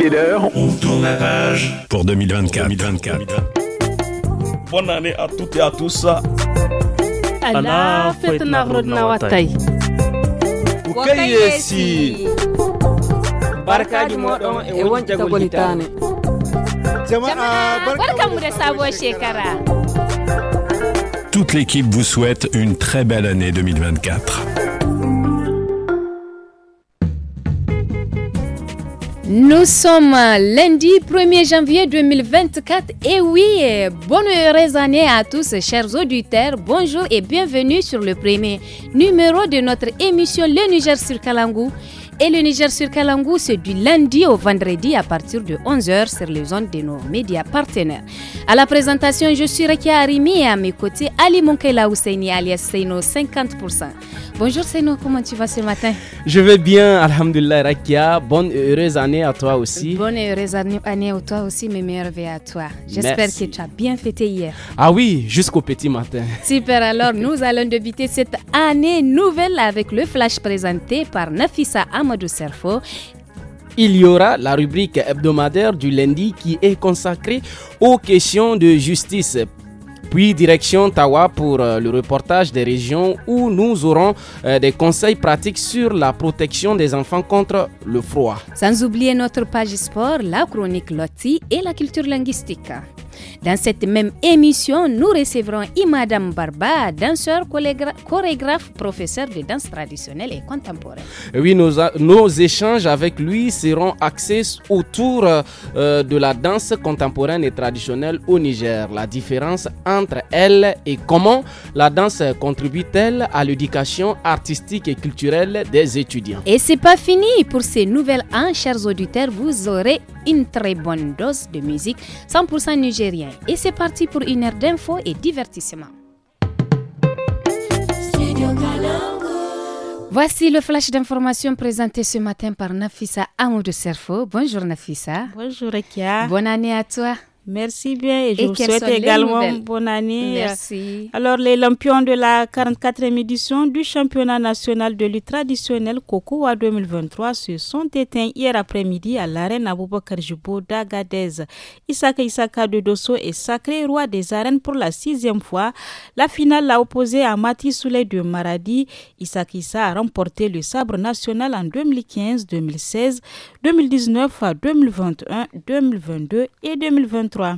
il On tourne la page pour 2024. 2024. Bonne année à toutes et à tous. Allah fetna rodna watay. Wakayesi. Barkaji modon e wonta e golitane. Jama'a barkamu da sabuwar shekara. Toute l'équipe vous souhaite une très belle année 2024. Nous sommes lundi 1er janvier 2024 et oui, bonne heureuse année à tous chers auditeurs. Bonjour et bienvenue sur le premier numéro de notre émission Le Niger sur Kalangou. Et le Niger sur Kalangou, c'est du lundi au vendredi à partir de 11h sur les ondes de nos médias partenaires. À la présentation, je suis Rekia Arimi et à mes côtés, Ali Monkela Ousseini alias Seino 50%. Bonjour Seno, comment tu vas ce matin Je vais bien, Alhamdulillah Rakia. Bonne heureuse année à toi aussi. Bonne et heureuse année à toi aussi, mes meilleurs à toi. J'espère que tu as bien fêté hier. Ah oui, jusqu'au petit matin. Super, alors nous allons débuter cette année nouvelle avec le flash présenté par Nafissa Amadou Serfo il y aura la rubrique hebdomadaire du lundi qui est consacrée aux questions de justice puis direction Tawa pour euh, le reportage des régions où nous aurons euh, des conseils pratiques sur la protection des enfants contre le froid. Sans oublier notre page sport, la chronique Loti et la culture linguistique. Dans cette même émission, nous recevrons Imadam Barba, danseur, chorégraphe, professeur de danse traditionnelle et contemporaine. Oui, nos, échanges avec lui seront axés autour euh, de la danse contemporaine et traditionnelle au Niger, la différence entre elle et comment la danse contribue-t-elle à l'éducation artistique et culturelle des étudiants. Et c'est pas fini pour ces nouvelles ans, hein, chers auditeurs, vous aurez une très bonne dose de musique 100% Niger. Et c'est parti pour une heure d'infos et divertissement. Voici le flash d'information présenté ce matin par Nafissa de Serfo. Bonjour Nafissa. Bonjour Ekia. Bonne année à toi. Merci bien et je vous souhaite également bonne année. Euh, Merci. Alors, les lampions de la 44e édition du championnat national de lutte traditionnelle Cocoa 2023 se sont éteints hier après-midi à l'arène Aboubakar d'Agadez. Isaka Isaka de Dosso est sacré roi des arènes pour la sixième fois. La finale l'a opposé à Mati de Maradi. Isaka Issa a remporté le sabre national en 2015, 2016, 2019, à 2021, 2022 et 2023.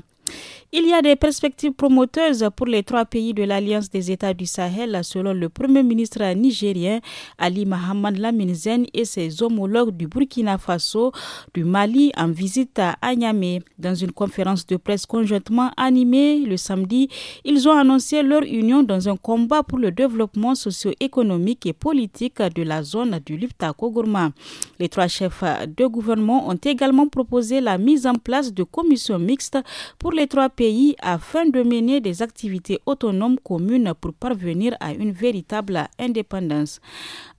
Il y a des perspectives promoteuses pour les trois pays de l'Alliance des États du Sahel, selon le Premier ministre nigérien Ali Mohamed Laminzen et ses homologues du Burkina Faso, du Mali, en visite à Niamey. Dans une conférence de presse conjointement animée le samedi, ils ont annoncé leur union dans un combat pour le développement socio-économique et politique de la zone du Liptako-Gourma. Les trois chefs de gouvernement ont également proposé la mise en place de commissions mixtes pour les trois pays pays afin de mener des activités autonomes communes pour parvenir à une véritable indépendance.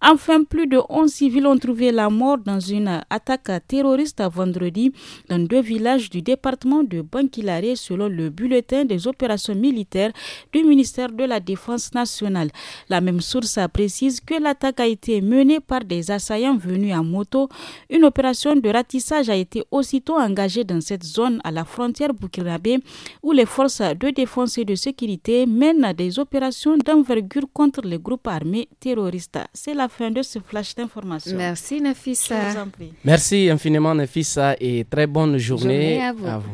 Enfin, plus de 11 civils ont trouvé la mort dans une attaque terroriste vendredi dans deux villages du département de Bankilare selon le bulletin des opérations militaires du ministère de la Défense nationale. La même source précise que l'attaque a été menée par des assaillants venus en moto. Une opération de ratissage a été aussitôt engagée dans cette zone à la frontière burkinabé où les forces de défense et de sécurité mènent des opérations d'envergure contre les groupes armés terroristes. C'est la fin de ce flash d'information. Merci Nafissa. Merci infiniment Nafissa et très bonne journée, Merci À vous.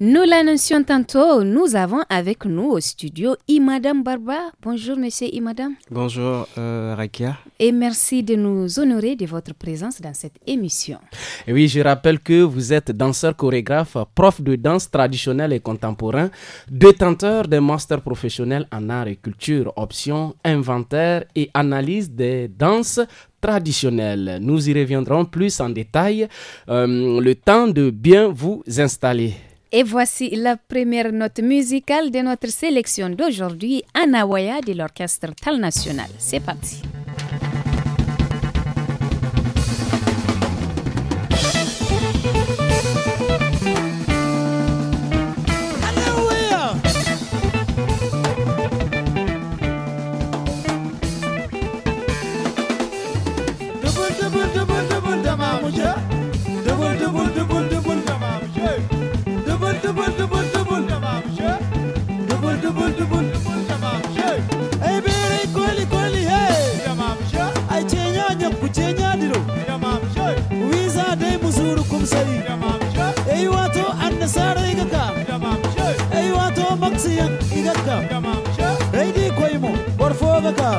Nous l'annoncions tantôt, nous avons avec nous au studio Imadam Barba. Bonjour monsieur Imadam. Bonjour euh, Rakia. Et merci de nous honorer de votre présence dans cette émission. oui, je rappelle que vous êtes danseur chorégraphe, prof de danse traditionnelle et contemporain, détenteur d'un master professionnel en art et culture, option inventaire et analyse des danses traditionnelles. Nous y reviendrons plus en détail. Euh, le temps de bien vous installer. Et voici la première note musicale de notre sélection d'aujourd'hui, Anawaya de l'orchestre Tal National. C'est parti. gadiro wiza dai musuru kumsari ei wato annasara igaka ei wato maksiyan igaka ei di koimo borfo gaka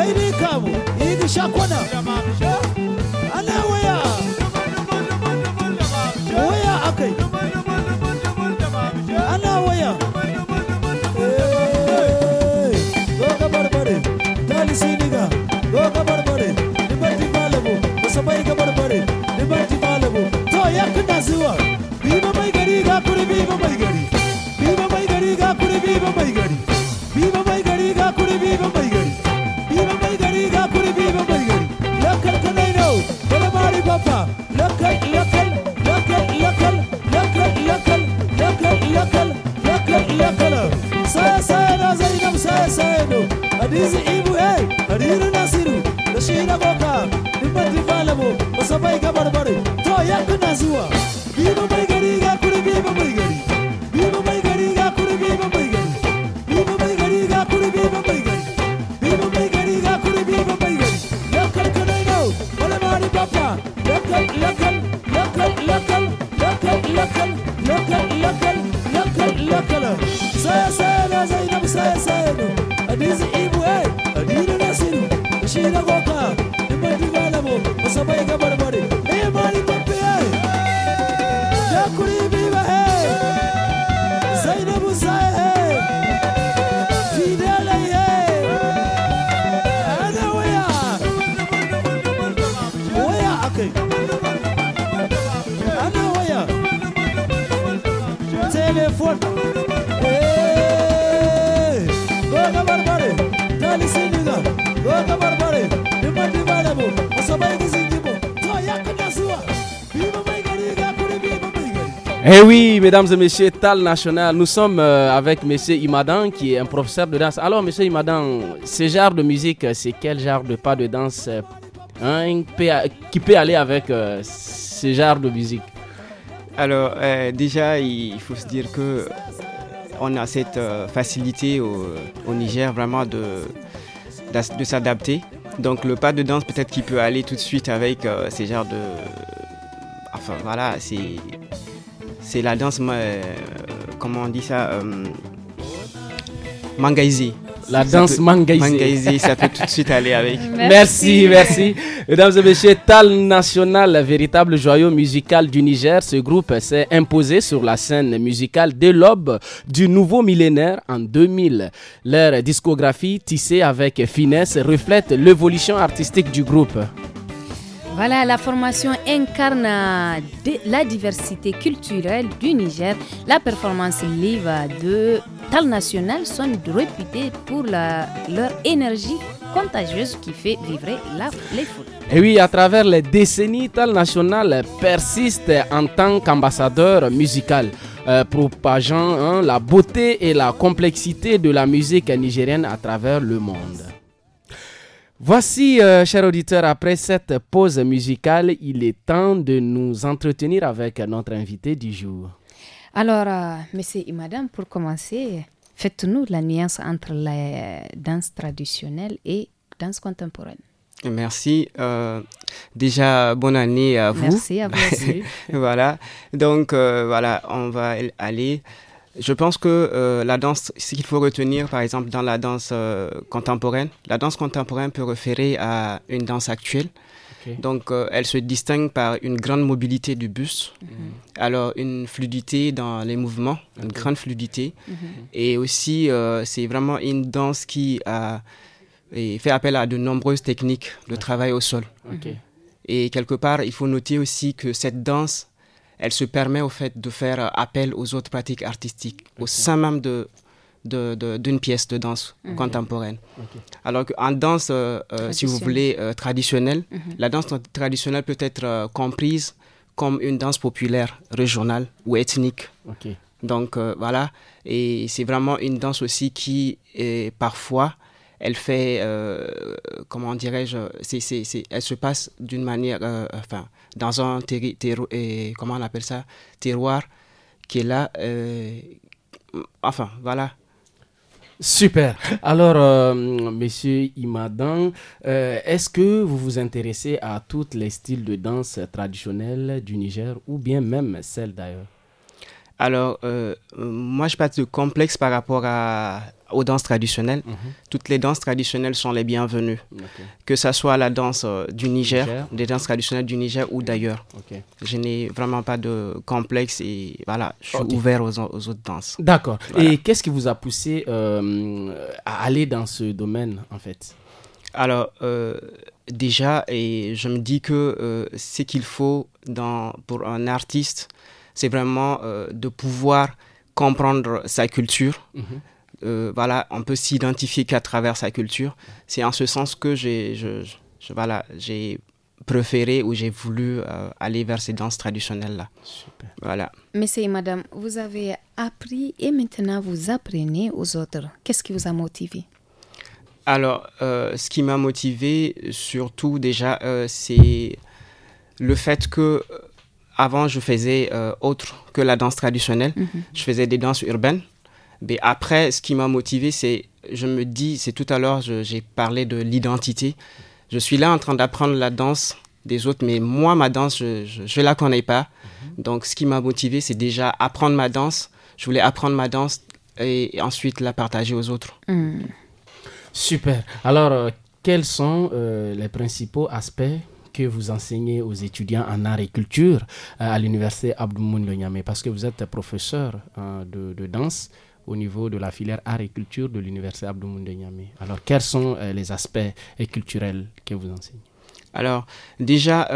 ei di kamo igi shakwana I'm sabay Eh oui, mesdames et messieurs, Tal National, nous sommes euh, avec monsieur Imadan qui est un professeur de danse. Alors monsieur Imadan, ce genre de musique, euh, c'est quel genre de pas de danse euh, hein, qui peut aller avec ce genre de musique Alors déjà, il faut se dire que on a cette facilité au, Niger vraiment de, de, s'adapter. Donc le pas de danse peut-être qu'il peut aller tout de suite avec ce genre de... Enfin voilà, c'est c'est la danse, euh, comment on dit ça euh, La danse Mangayzi, ça peut tout de suite aller avec. Merci, merci. Mesdames et messieurs, Tal National, véritable joyau musical du Niger, ce groupe s'est imposé sur la scène musicale dès l'aube du nouveau millénaire en 2000. Leur discographie, tissée avec finesse, reflète l'évolution artistique du groupe. Voilà, la formation incarne la diversité culturelle du Niger. La performance live de Tal National sont réputées pour leur énergie contagieuse qui fait vivre la, les Et oui, à travers les décennies, Tal National persiste en tant qu'ambassadeur musical. Euh, propageant hein, la beauté et la complexité de la musique nigérienne à travers le monde. Voici, euh, chers auditeurs, après cette pause musicale, il est temps de nous entretenir avec notre invité du jour. Alors, euh, messieurs et madame, pour commencer, faites-nous la nuance entre la danse traditionnelle et danse contemporaine. Merci. Euh, déjà, bonne année à vous. Merci à vous voilà. Donc, voilà, on va aller je pense que euh, la danse, ce qu'il faut retenir, par exemple, dans la danse euh, contemporaine, la danse contemporaine peut référer à une danse actuelle. Donc, euh, elle se distingue par une grande mobilité du bus, mhm. alors une fluidité dans les mouvements, une grande fluidité. Mhm. Et aussi, c'est vraiment une danse qui a, fait appel à de nombreuses techniques de travail au sol. Et quelque part, il faut noter aussi que cette danse elle se permet au fait de faire appel aux autres pratiques artistiques au sein même de d'une pièce de danse mhm. contemporaine. Alors qu'en danse, euh, euh, si vous voulez, euh, traditionnelle, mhm. la danse traditionnelle peut être comprise comme une danse populaire, régionale ou ethnique. Donc voilà, et c'est vraiment une danse aussi qui, parfois, elle fait, comment dirais-je, elle se passe d'une manière, enfin, dans un terri, comment on appelle ça, terroir qui est là. Euh, enfin, voilà. Super. Alors, euh, Monsieur Imadan, euh, est-ce que vous vous intéressez à tous les styles de danse traditionnels du Niger ou bien même celle d'ailleurs alors, euh, moi, je passe de complexe par rapport aux danses traditionnelles. Mhm. Toutes les danses traditionnelles sont les bienvenues, que ce soit la danse euh, du Niger, des danses traditionnelles du Niger ou d'ailleurs. Je n'ai vraiment pas de complexe et voilà, je suis ouvert aux, autres danses. D'accord. Et qu'est-ce qui vous a poussé euh, à aller dans ce domaine en fait Alors, déjà, et je me dis que ce qu'il faut pour un artiste, c'est vraiment euh, de pouvoir comprendre sa culture. Mhm. Euh, voilà, on peut s'identifier qu'à travers sa culture. C'est en ce sens que j'ai, voilà, j'ai préféré ou j'ai voulu euh, aller vers ces danses traditionnelles-là. Voilà. c'est madame, vous avez appris et maintenant vous apprenez aux autres. Qu'est-ce qui vous a motivé Alors, ce qui m'a motivé surtout déjà, c'est le fait que avant, je faisais euh, autre que la danse traditionnelle. Mhm. Je faisais des danses urbaines. Mais après, ce qui m'a motivé, c'est, je me dis, c'est tout à l'heure, j'ai parlé de l'identité. Je suis là en train d'apprendre la danse des autres, mais moi, ma danse, je ne la connais pas. Mhm. Donc, ce qui m'a motivé, c'est déjà apprendre ma danse. Je voulais apprendre ma danse et, ensuite la partager aux autres. Mhm. Super. Alors, euh, quels sont euh, les principaux aspects que vous enseignez aux étudiants en art et culture euh, à l'université Abdoumoun de Parce que vous êtes professeur euh, de, danse au niveau de la filière art et culture de l'université Abdoumoun de Alors, quels sont euh, les aspects culturels que vous enseignez alors déjà,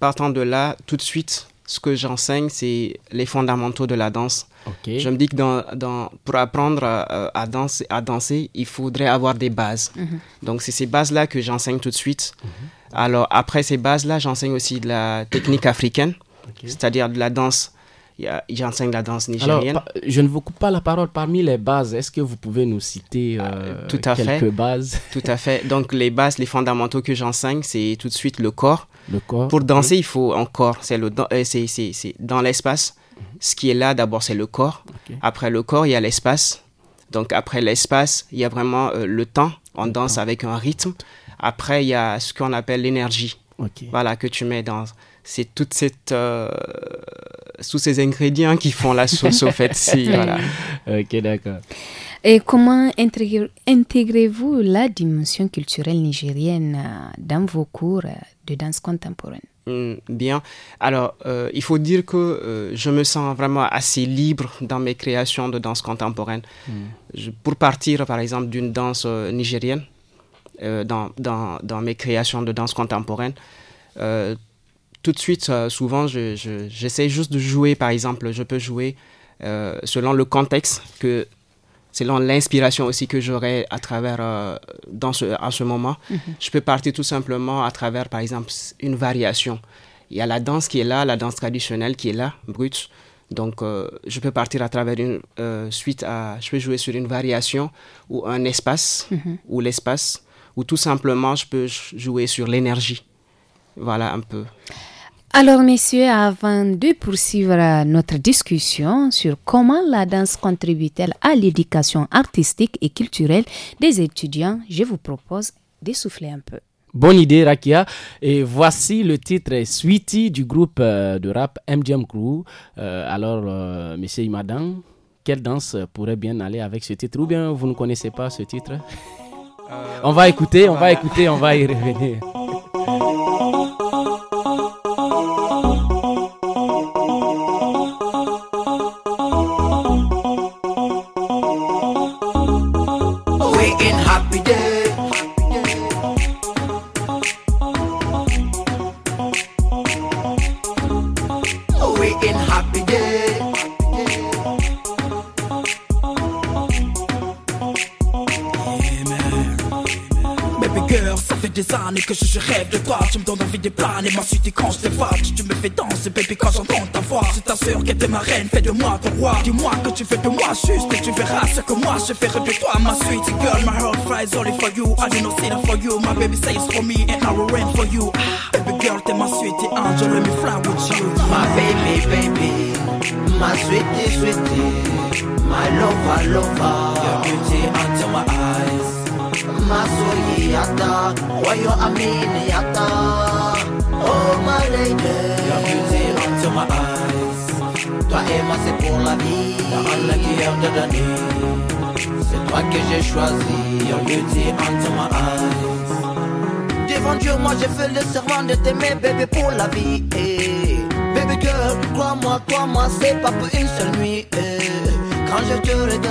partant de là, tout de suite, ce que j'enseigne, c'est les fondamentaux de la danse. Je me dis que dans, pour apprendre à, danser, à danser, il faudrait avoir des bases. Mhm. Donc c'est ces bases-là que j'enseigne tout de suite. Mhm. Alors, après ces bases-là, j'enseigne aussi de la technique africaine, c'est-à-dire de la danse. J'enseigne la danse nigérienne. Alors, je ne vous coupe pas la parole. Parmi les bases, est-ce que vous pouvez nous citer ah, euh, tout à quelques fait. bases Tout à fait. Donc, les bases, les fondamentaux que j'enseigne, c'est tout de suite le corps. Le corps. Pour danser, il faut un corps. C'est le, euh, c'est dans l'espace. Mhm. Ce qui est là, d'abord, c'est le corps. Après le corps, il y a l'espace. Donc, après l'espace, il y a vraiment euh, le temps. On danse avec un rythme. Après, il y a ce qu'on appelle l'énergie. Voilà, que tu mets dans. C'est toute cette, euh, tous ces ingrédients qui font la sauce, au fait. Si, voilà. Ok, d'accord. Et comment intégrez-vous la dimension culturelle nigérienne euh, dans vos cours de danse contemporaine hmm, Bien. Alors, euh, il faut dire que je me sens vraiment assez libre dans mes créations de danse contemporaine. Hmm. pour partir, par exemple, d'une danse nigérienne, euh, dans, dans, dans, mes créations de danse contemporaine. Euh, tout de suite, euh, souvent, j'essaie je, juste de jouer, par exemple, je peux jouer selon le contexte, que, selon l'inspiration aussi que j'aurai à travers, dans ce, à ce moment. Mhm. Je peux partir tout simplement à travers, par exemple, une variation. Il y a la danse qui est là, la danse traditionnelle qui est là, brute. Donc, je peux partir à travers une suite à. Je peux jouer sur une variation ou un espace, mhm. ou l'espace ou tout simplement je peux jouer sur l'énergie. Voilà un peu. Alors, messieurs, avant de poursuivre notre discussion sur comment la danse contribue-t-elle à l'éducation artistique et culturelle des étudiants, je vous propose d'essouffler un peu. Bonne idée, Rakia. Et voici le titre Sweetie du groupe euh, de rap MGM Crew. Euh, alors, euh, messieurs madame, quelle danse pourrait bien aller avec ce titre Ou bien vous ne connaissez pas ce titre on va écouter, on va écouter, on va y revenir. depuis des années que je, rêve de toi Tu me donnes envie de planer, ma suite et quand je te vois Tu me fais danser, baby, quand j'entends ta voix C'est ta sœur qui était ma reine, fais de moi ton roi Dis-moi que tu fais de moi juste et tu verras ce que moi je ferai de toi Ma suite, girl, my heart flies only for you I do not see that for you, my baby says for me And I will rain for you ah, Baby girl, t'es ma et angel, let me fly with you My baby, baby ma suite sweetie My lover, lover Your beauty under my eyes Oh my lady Toi et moi c'est pour la vie La qui de donner C'est toi que j'ai choisi Your beauty into my eyes Devant Dieu moi j'ai fait le serment de t'aimer bébé pour la vie eh, Baby girl crois-moi crois-moi c'est pas pour une seule nuit eh je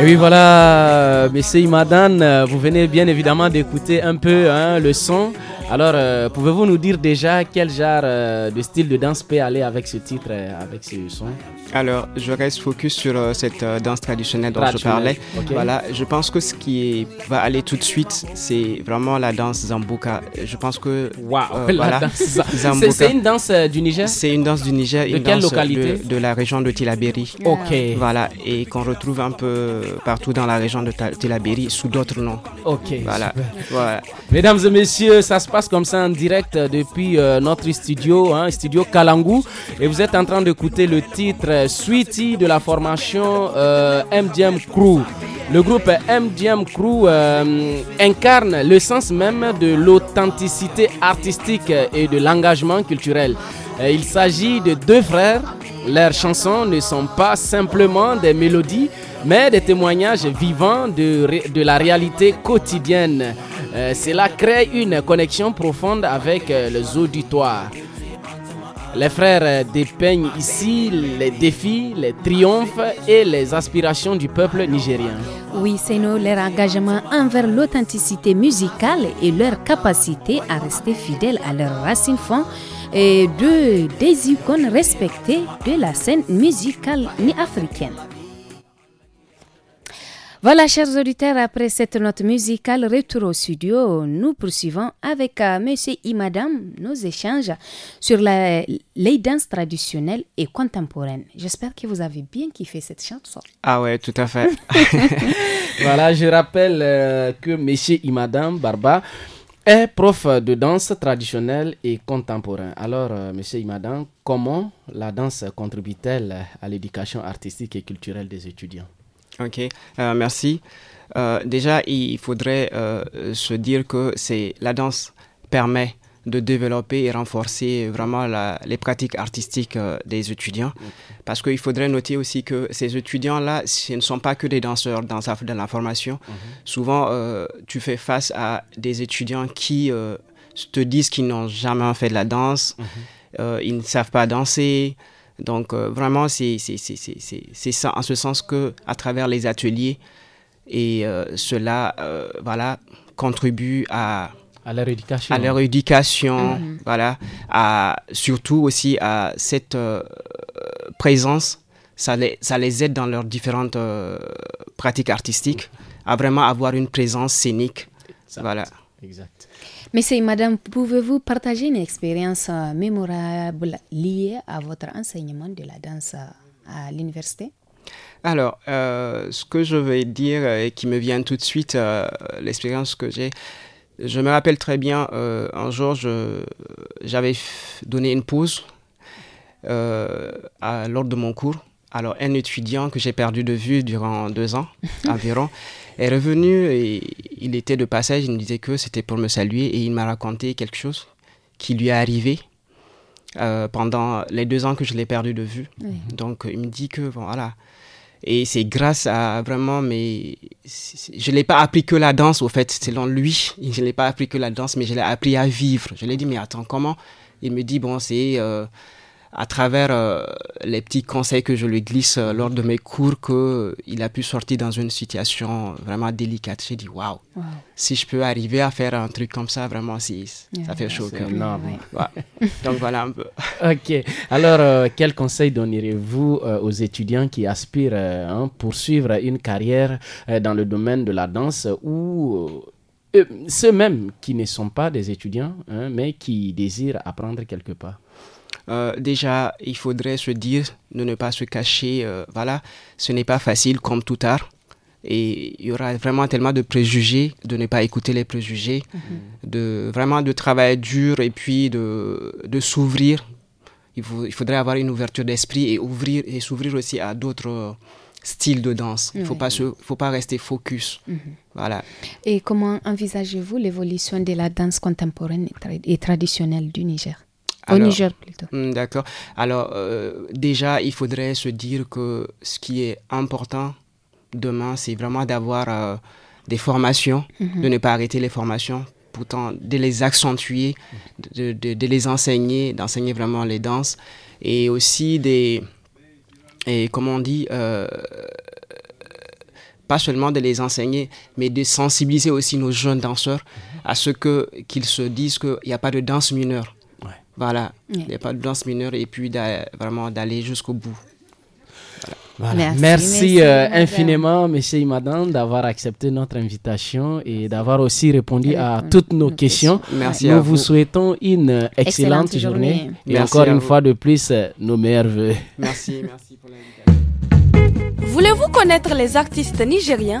et oui, voilà, messieurs Imadan, vous venez bien évidemment d'écouter un peu hein, le son. Alors, euh, pouvez-vous nous dire déjà quel genre euh, de style de danse peut aller avec ce titre, euh, avec ce son alors, je reste focus sur euh, cette euh, danse traditionnelle dont je parlais. Voilà, je pense que ce qui va aller tout de suite, c'est vraiment la danse Zambouka. Je pense que. Euh, c'est une danse du Niger C'est une danse du Niger. De une quelle danse localité de, la région de Tilaberi. Ok. Voilà, et qu'on retrouve un peu partout dans la région de Tilaberi sous d'autres noms. Ok. Voilà. Mesdames et messieurs, ça se passe comme ça en direct depuis notre studio, hein, studio Kalangu. Et vous êtes en train d'écouter le titre. Euh, suite de la formation MDM euh, Crew. Le groupe MDM Crew euh, incarne le sens même de l'authenticité artistique et de l'engagement culturel. Il s'agit de deux frères. Leurs chansons ne sont pas simplement des mélodies, mais des témoignages vivants de, de la réalité quotidienne. cela crée une connexion profonde avec les auditoires. Les frères dépeignent ici les défis, les triomphes et les aspirations du peuple nigérien. Oui, c'est nous, leur engagement envers l'authenticité musicale et leur capacité à rester fidèles à leurs racines font et euh, de, des icônes respectées de la scène musicale ni africaine. Voilà, chers auditeurs, après cette note musicale, retour au studio, nous poursuivons avec M. Euh, monsieur et madame nos échanges sur les danses traditionnelles et contemporaines. J'espère que vous avez bien kiffé cette chanson. Ah ouais, tout à fait. voilà, je rappelle euh, que monsieur et madame Barba est prof de danse traditionnelle et contemporaine. Alors, M. Euh, monsieur madame comment la danse contribue-t-elle à l'éducation artistique et culturelle des étudiants Ok, euh, merci. Euh, déjà, il faudrait euh, se dire que c'est la danse permet de développer et renforcer vraiment les pratiques artistiques des étudiants. Parce qu'il faudrait noter aussi que ces étudiants-là, ce ne sont pas que des danseurs dans, la formation. Mhm. Souvent, tu fais face à des étudiants qui te disent qu'ils n'ont jamais fait de la danse, mhm. ils ne savent pas danser, donc euh, vraiment, c'est ça, en ce sens que à travers les ateliers, et euh, cela euh, voilà, contribue à, à leur éducation, à leur mm-hmm. voilà, à, surtout aussi à cette présence. Ça les, ça les aide dans leurs différentes pratiques artistiques à vraiment avoir une présence scénique. Voilà. Exact. Mais c'est madame, pouvez-vous partager une expérience euh, mémorable liée à votre enseignement de la danse euh, à l'université alors, euh, ce que je vais dire et qui me vient tout de suite, l'expérience que j'ai, je me rappelle très bien, un jour, j'avais donné une pause à, lors de mon cours. Alors, un étudiant que j'ai perdu de vue durant deux ans environ est revenu et il était de passage, il me disait que c'était pour me saluer et il m'a raconté quelque chose qui lui est arrivé euh, pendant les deux ans que je l'ai perdu de vue. Mhm. Donc il me dit que bon, voilà. Et c'est grâce à vraiment mais Je ne l'ai pas appris que la danse, au fait, selon lui. Je ne l'ai pas appris que la danse, mais je l'ai appris à vivre. Je lui ai dit, mais attends, comment Il me dit, bon, c'est. Euh, à travers euh, les petits conseils que je lui glisse euh, lors de mes cours qu'il a pu sortir dans une situation vraiment délicate. J'ai dit waouh, si je peux arriver à faire un truc comme ça, vraiment, si, ça fait chaud. Énorme. Donc voilà un peu. ok. Alors, euh, quel conseil donneriez-vous aux étudiants qui aspirent à hein, poursuivre une carrière dans le domaine de la danse ou ceux-mêmes qui ne sont pas des étudiants, hein, mais qui désirent apprendre quelque part euh, déjà, il faudrait se dire, de ne pas se cacher, euh, voilà, ce n'est pas facile comme tout art. Et il y aura vraiment tellement de préjugés, de ne pas écouter les préjugés, mhm. de vraiment de travailler dur et puis de, s'ouvrir. Il, il, faudrait avoir une ouverture d'esprit et ouvrir et s'ouvrir aussi à d'autres euh, styles de danse. Il ne faut, pas faut pas rester focus. Mhm. Voilà. Et comment envisagez-vous l'évolution de la danse contemporaine et traditionnelle du Niger Hmm, d'accord. Alors euh, déjà, il faudrait se dire que ce qui est important demain, c'est vraiment d'avoir euh, des formations, mhm. de ne pas arrêter les formations, pourtant de les accentuer, de, les enseigner, d'enseigner vraiment les danses, et aussi des, et comment on dit, euh, pas seulement de les enseigner, mais de sensibiliser aussi nos jeunes danseurs à ce que qu'ils se disent qu'il n'y a pas de danse mineure. Voilà, il n'y a pas de danse mineure et puis vraiment d'aller jusqu'au bout. Merci, euh, infiniment, monsieur et madame, d'avoir accepté notre invitation et d'avoir aussi répondu à toutes nos, questions. Merci Nous vous. souhaitons une excellente, journée. Et encore une fois de plus, euh, nos meilleurs voeux. Merci, merci Voulez-vous connaître les artistes nigériens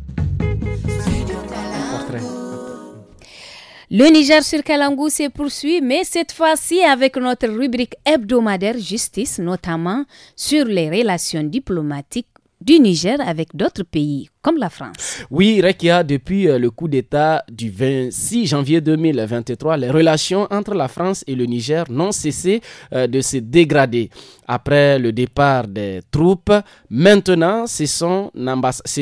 Le Niger sur Kalangou se poursuit, mais cette fois-ci avec notre rubrique hebdomadaire justice, notamment sur les relations diplomatiques du Niger avec d'autres pays, comme la France. Oui, Rekia, depuis euh, le coup d'État du 26 janvier 2023, les relations entre la France et le Niger n'ont cessé euh, de se dégrader. Après le départ des troupes, maintenant, c'est son,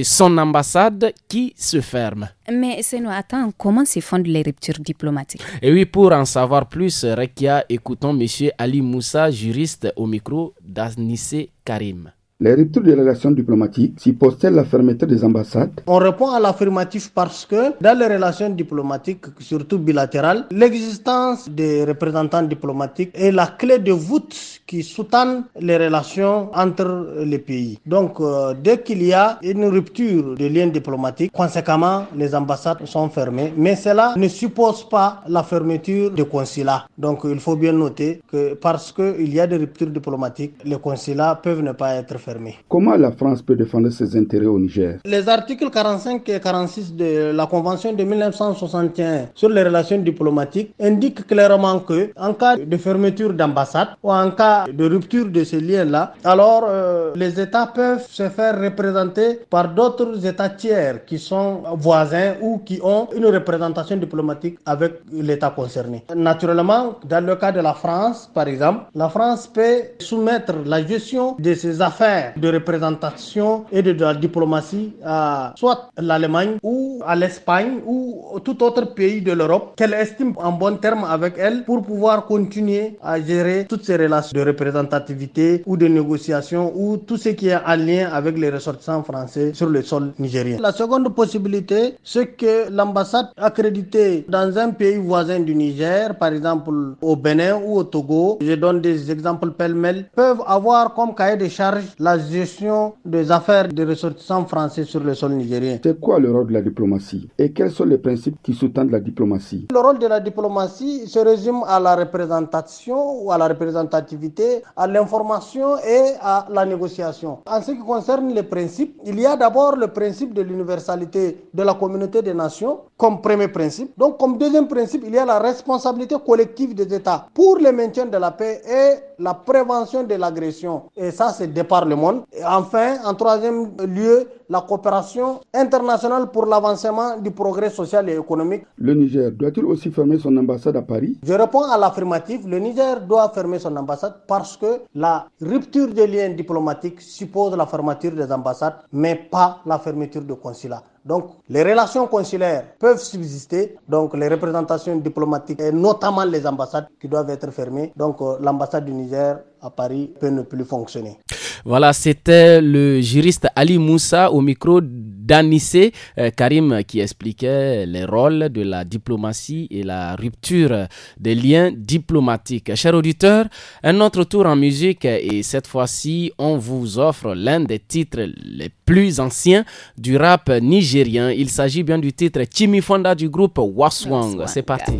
son, ambassade qui se ferme. Mais nous attends, comment se fondent les ruptures diplomatiques Et oui, pour en savoir plus, Rekia, écoutons M. Ali Moussa, juriste au micro d'Anissé Karim. Les ruptures des relations diplomatiques supposent elles la fermeture des ambassades. On répond à l'affirmatif parce que dans les relations diplomatiques, surtout bilatérales, l'existence des représentants diplomatiques est la clé de voûte qui soutient les relations entre les pays. Donc, euh, dès qu'il y a une rupture des liens diplomatiques, conséquemment, les ambassades sont fermées. Mais cela ne suppose pas la fermeture des consulats. Donc, il faut bien noter que parce qu'il y a des ruptures diplomatiques, les consulats peuvent ne pas être fermés. Comment la France peut défendre ses intérêts au Niger Les articles 45 et 46 de la Convention de 1961 sur les relations diplomatiques indiquent clairement que, en cas de fermeture d'ambassade ou en cas de rupture de ces liens là alors euh, les États peuvent se faire représenter par d'autres États tiers qui sont voisins ou qui ont une représentation diplomatique avec l'État concerné. Naturellement, dans le cas de la France, par exemple, la France peut soumettre la gestion de ses affaires de représentation et de, la diplomatie à soit l'Allemagne ou à l'Espagne ou tout autre pays de l'Europe qu'elle estime en bon terme avec elle pour pouvoir continuer à gérer toutes ces relations de représentativité ou de négociation ou tout ce qui est en lien avec les ressortissants français sur le sol nigérien. La seconde possibilité, c'est que l'ambassade accréditée dans un pays voisin du Niger, par exemple au Bénin ou au Togo, je donne des exemples pêle-mêle, peuvent avoir comme cahier de charge la gestion des affaires des ressortissants français sur le sol nigérien. C'est quoi le rôle de la diplomatie et quels sont les principes qui sous-tendent la diplomatie Le rôle de la diplomatie se résume à la représentation ou à la représentativité, à l'information et à la négociation. En ce qui concerne les principes, il y a d'abord le principe de l'universalité de la communauté des nations comme premier principe. Donc comme deuxième principe, il y a la responsabilité collective des États pour le maintien de la paix et la prévention de l'agression. Et ça, c'est départ le monde. Et enfin, en troisième lieu, la coopération internationale pour l'avancement du progrès social et économique. Le Niger doit-il aussi fermer son ambassade à Paris Je réponds à l'affirmative. Le Niger doit fermer son ambassade parce que la rupture des liens diplomatiques suppose la fermeture des ambassades, mais pas la fermeture de consulats. Donc, les relations consulaires peuvent subsister, donc les représentations diplomatiques, et notamment les ambassades qui doivent être fermées. Donc, euh, l'ambassade du Niger à Paris peut ne plus fonctionner. Voilà, c'était le juriste Ali Moussa au micro d'Anissé euh, Karim qui expliquait les rôles de la diplomatie et la rupture des liens diplomatiques. Chers auditeurs, un autre tour en musique et cette fois-ci, on vous offre l'un des titres les plus anciens du rap nigérien. Il s'agit bien du titre Fonda du groupe Waswang. C'est parti.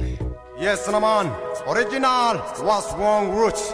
Yes, original Waswang Roots.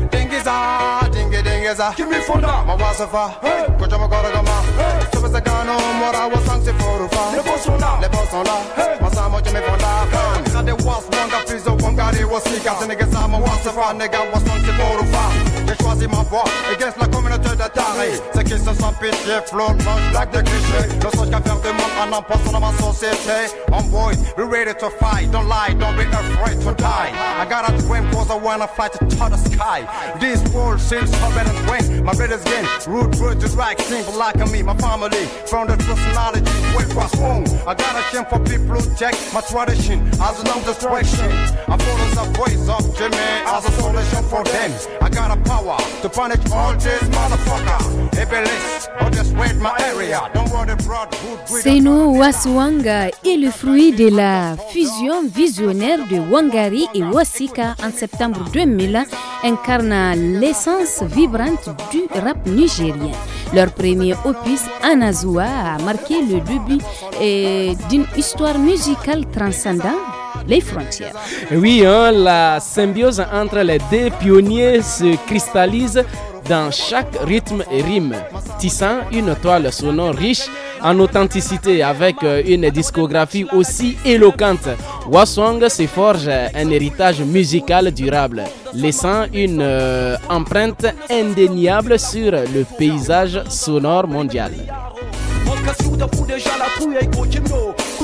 dingiza, dingy dingiza. Give me thunder, my wasafa. Hey, go jump, go to Gargano, Mora, on sang, c'est fort ou pas. Les bons sont là, les bons sont là. Hey. Ensemble, je me prends la canne. Ça des was, wanga, plus de wanga, des was, nigga. C'est nigga, ça me was, c'est fort, nigga, was sang, c'est fort ou pas. J'ai choisi ma voix, against la communauté de Tari. C'est qu'ils se sont pitié, flot, mange, lac de cliché. Le songe qu'à faire de monde en empoisson dans ma société. On boy, we ready to fight. Don't lie, don't be afraid to die. I got a dream, cause I wanna fly to the sky. This world seems so hot and rain. My brother's game, rude, rude just right, simple like me, my family. from the personality way was home. I got a shame for people who check my tradition as an destruction. I follow the voice of Jimmy as a solution for them. I got a power to punish all these motherfuckers. Ebelist, or just wait my area. Don't worry, brotherhood. Seno Wasuanga est le fruit de la fusion visionnaire de Wangari et Wasika en septembre 2000 incarne l'essence vibrante du rap nigérien. Leur premier opus, Anazua, a marqué le début d'une histoire musicale transcendant les frontières. Oui, hein, la symbiose entre les deux pionniers se cristallise dans chaque rythme et rime, tissant une toile sonore riche en authenticité avec euh, une discographie aussi éloquente. Wasong se forge un héritage musical durable, laissant une euh, empreinte indéniable sur le paysage sonore mondial.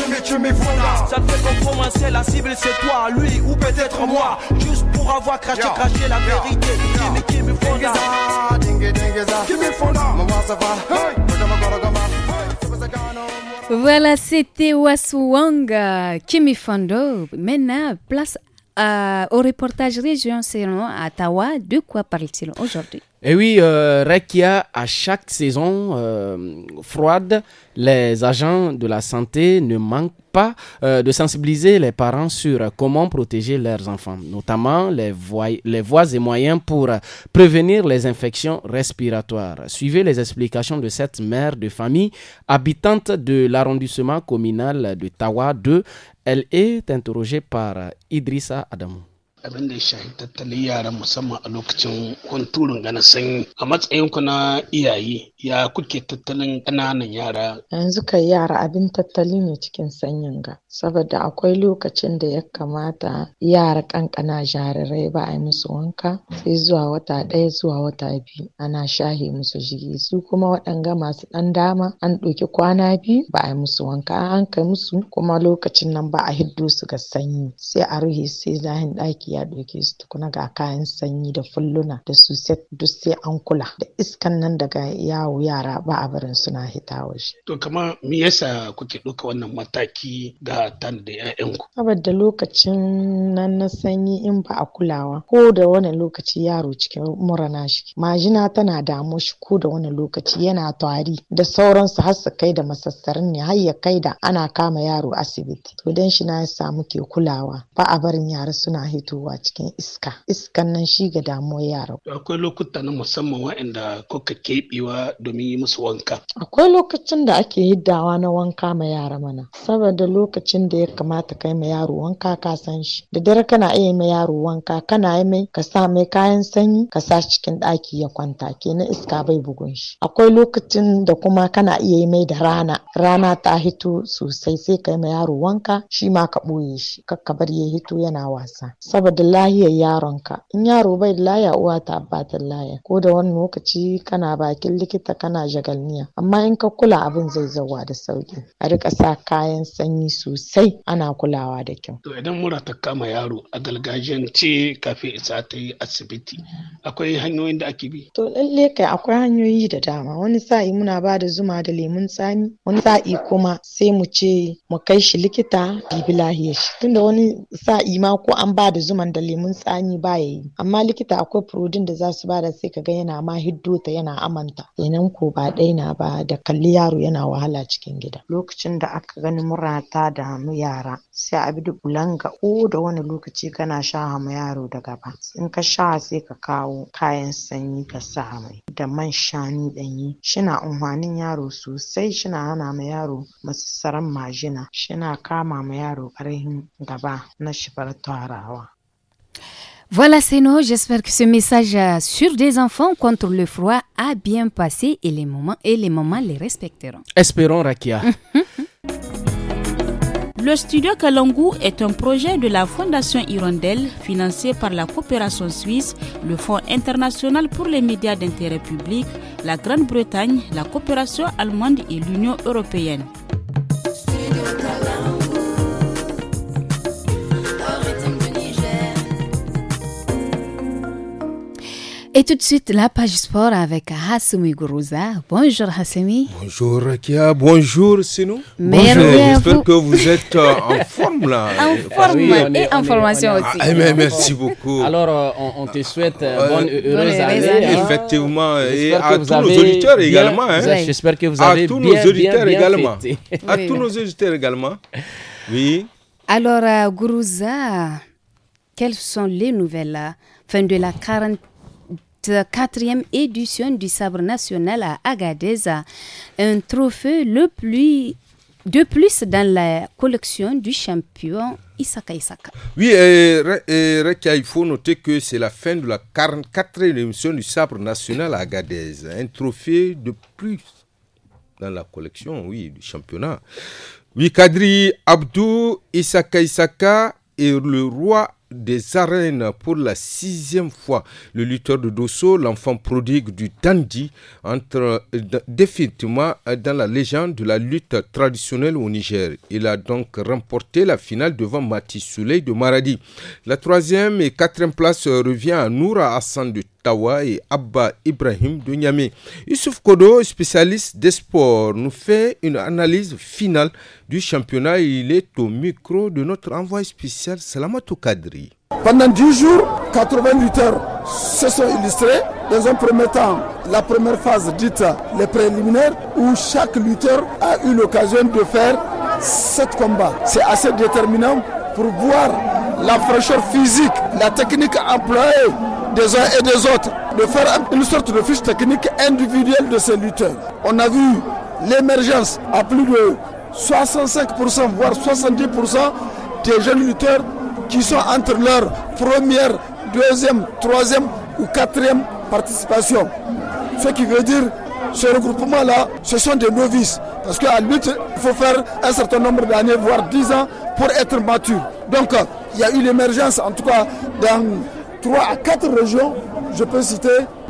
tu mais tu mais voilà. Ça te fait comprendre un hein, c'est la cible c'est toi, lui ou peut-être moi. Juste pour avoir craché, craché la vérité. Kimi Kimi Fonda. Kimi Fonda. Voilà, c'était Waswanga, euh, Kimi Fondo. Maintenant, place euh, au reportage Région à Tawa. De quoi parle-t-il aujourd'hui Eh oui, euh, Rekia, à chaque saison euh, froide, les agents de la santé ne manquent pas euh, de sensibiliser les parents sur comment protéger leurs enfants, notamment les, les voies et moyens pour prévenir les infections respiratoires. Suivez les explications de cette mère de famille habitante de l'arrondissement communal de Tawa 2 elle est interrogée par Idrissa Adamu. abin da ya shahi tattalin yara musamman a lokacin hunturun ganin sanyi a matsayin ku na iyaye ya kuke tattalin ƙananan yara? Yanzu kai yara abin tattali ne cikin sanyin ga, saboda akwai lokacin da ya kamata yara ƙanƙana jarirai ba a yi musu wanka sai zuwa wata ɗaya zuwa wata biyu ana shahe musu jiki su kuma waɗanga masu ɗan dama an ɗauki kwana biyu ba a yi musu wanka an kai musu kuma lokacin nan ba a hiddo su ga sanyi sai a ruhe sai zahin ɗaki ya ɗauke su tukuna ga kayan sanyi da fulluna da su duk sai an kula da iskan nan daga yawa. yawo yara ba a barin suna hita waje. To kamar me yasa kuke ɗauka wannan mataki ga tan da 'ya'yanku? Saboda lokacin nan na sanyi in ba a kulawa ko da wani lokaci yaro cikin mura shi. Majina tana damu shi ko da wani lokaci yana tari da sauransu har su kai da masassarin ne har ya kai da ana kama yaro asibiti. To dan shi na yasa samu ke kulawa ba a barin yara suna hitowa cikin iska. Iskan nan shi ga damuwar yara. Akwai lokuta na musamman waɗanda kuka keɓewa domin yi musu wanka. Akwai lokacin da ake hiddawa na wanka ma yara mana, saboda lokacin da ya kamata kai ma yaro wanka ka san shi. Da dare kana iya ma yaro wanka, kana yi mai ka sa mai kayan sanyi ka sa cikin ɗaki ya kwanta kenan iska bai bugun shi. Akwai lokacin da kuma kana iya yi mai da rana, rana ta hito sosai sai kai ma yaro wanka shi ma ka ɓoye shi, ka bar ya hito yana wasa. Saboda lahiyar yaronka, in yaro bai da lahiya uwa ta ba ta laya, ko da wani lokaci kana bakin likita ta kana jagalniya amma in ka kula abin zai zauwa da sauki a rika sa kayan sanyi sosai ana kulawa da kyau to idan mura ta kama yaro a gargajiyance kafin isa ta yi asibiti akwai hanyoyin da ake bi to lalle kai akwai hanyoyi da dama wani sa'i muna ba da zuma da lemun tsami wani sa'i kuma sai mu ce mu kai shi likita bibi lahiyar shi tunda wani sa'i ma ko an ba da zuman da lemun tsami ba ya yi amma likita akwai furodin da za su ba da sai ka ga yana ma hiddo ta yana amanta ina kenan ko ba daina ba da kalli yaro yana wahala cikin gida lokacin da aka gani mura ta damu yara sai a bi bulanga ko da wani lokaci kana sha ma yaro da gaba in ka sha sai ka kawo kayan sanyi ka sa mai da man shanu danyi shina amfanin yaro sosai shina hana ma yaro masassaran majina shina kama ma yaro karhin gaba na shifar tarawa Voilà, c'est nous. J'espère que ce message euh, sur des enfants contre le froid a bien passé et les moments et les mamans les respecteront. Espérons, Rakia. Le studio Kalangu est un projet de la Fondation Hirondelle financé par la coopération suisse, le Fonds international pour les médias d'intérêt public, la Grande-Bretagne, la coopération allemande et l'Union européenne. Et tout de suite, la page sport avec Hassemi Gourouza. Bonjour Hassemi. Bonjour Rakia, bonjour Sinou. Bonjour, j'espère que vous êtes euh, en forme là. En forme ah et en formation aussi. Ah, mais merci beaucoup. Alors, euh, on, te souhaite euh, bonne heureuse année. Hein. Effectivement, et à tous nos auditeurs également. Hein. J'espère que vous avez à tous bien, nos auditeurs également. À tous nos auditeurs également. Oui. Alors, Gourouza, quelles sont les nouvelles fin de la quarantaine quatrième édition du sabre national à Agadez, un trophée le plus de plus dans la collection du champion Isaka Isaka. Oui, il faut noter que c'est la fin de la quatrième e émission du sabre national à Agadez. Un trophée de plus dans la collection, oui, du championnat. Oui, Kadri Abdou Isaka Isaka est le roi des arènes pour la sixième fois. Le lutteur de Dosso, l'enfant prodigue du dandy, entre euh, définitivement euh, dans la légende de la lutte traditionnelle au Niger. Il a donc remporté la finale devant Matisse Souley de Maradi. La troisième et quatrième place revient à Noura Hassan de Tawa et Abba Ibrahim Dunyami. Yusuf Kodo, spécialiste des sports, nous fait une analyse finale du championnat. Il est au micro de notre envoyé spécial Salamatou Kadri. Pendant 10 jours, 88 heures se sont illustrés Dans un premier temps, la première phase dite les préliminaires, où chaque lutteur a eu l'occasion de faire 7 combats. C'est assez déterminant pour voir la fraîcheur physique, la technique employée des uns et des autres, de faire une sorte de fiche technique individuelle de ces lutteurs. On a vu l'émergence à plus de 65%, voire 70% des jeunes lutteurs qui sont entre leur première, deuxième, troisième ou quatrième participation. Ce qui veut dire, ce regroupement-là, ce sont des novices. Parce qu'à lutte, il faut faire un certain nombre d'années, voire dix ans, pour être mature. Donc, euh, il y a eu l'émergence, en tout cas, dans trois à quatre régions. Je peux citer,